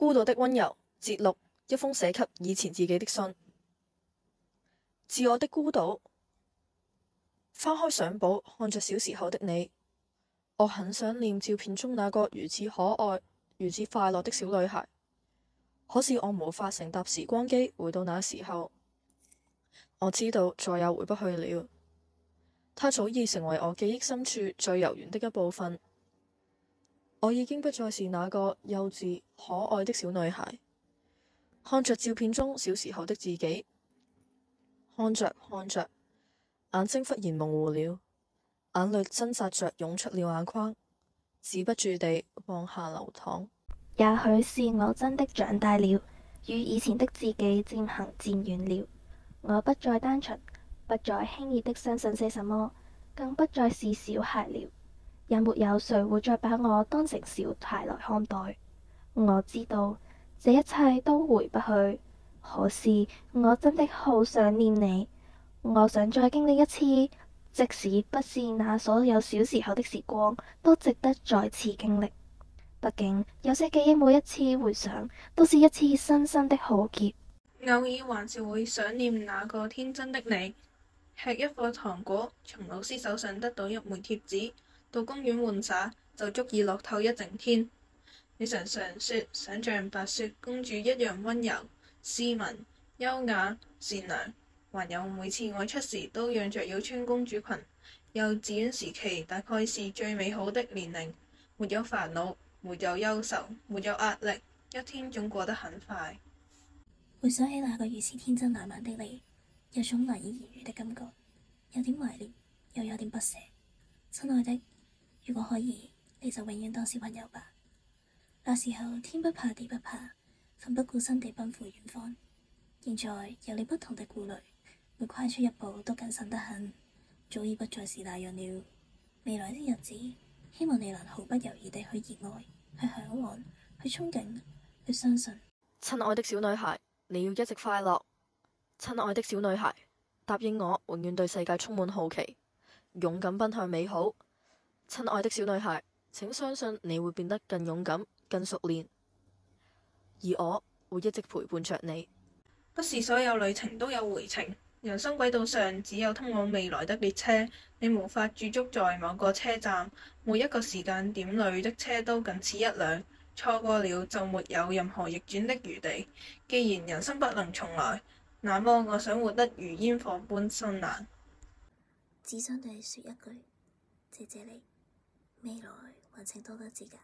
孤獨的溫柔，節錄，一封寫給以前自己的信。自我的孤獨，翻開相簿，看着小時候的你，我很想念照片中那個如此可愛、如此快樂的小女孩。可是我無法乘搭時光機回到那時候。我知道再也回不去了，她早已成為我記憶深處最柔軟的一部分。我已經不再是那個幼稚可愛的小女孩，看着照片中小時候的自己，看着看着，眼睛忽然模糊了，眼淚掙扎着湧出了眼眶，止不住地往下流淌。也許是我真的長大了，與以前的自己漸行漸遠了。我不再單純，不再輕易的相信些什麼，更不再是小孩了。也沒有誰會再把我當成小孩來看待。我知道這一切都回不去，可是我真的好想念你。我想再經歷一次，即使不是那所有小時候的時光，都值得再次經歷。畢竟有些記憶，每一次回想都是一次深深的浩劫。偶爾還是會想念那個天真的你，吃一顆糖果，從老師手上得到一枚貼紙。到公園玩耍就足以樂透一整天。你常常說，想像白雪公主一樣溫柔、斯文、優雅、善良，還有每次外出時都嚷着要穿公主裙。幼稚園時期大概是最美好的年齡，沒有煩惱，沒有憂愁，沒有壓力，一天總過得很快。回想起那個如此天真爛漫的你，有種難以言喻的感覺，有點懷念，又有點不捨，親愛的。如果可以，你就永遠當小朋友吧。那時候天不怕地不怕，奮不顧身地奔赴遠方。現在有你不同的顧慮，每跨出一步都謹慎得很，早已不再是那樣了。未來的日子，希望你能毫不猶豫地去熱愛、去向往去、去憧憬、去相信。親愛的小女孩，你要一直快樂。親愛的小女孩，答應我，永遠對世界充滿好奇，勇敢奔向美好。親愛的小女孩，請相信你會變得更勇敢、更熟練，而我，我會一直陪伴着你。不是所有旅程都有回程，人生軌道上只有通往未來的列車。你無法駐足在某個車站，每一個時間點裏的車都僅此一輛。錯過了就沒有任何逆轉的餘地。既然人生不能重來，那麼我想活得如煙火般絢爛。只想對你說一句，謝謝你。未來還請多多指教。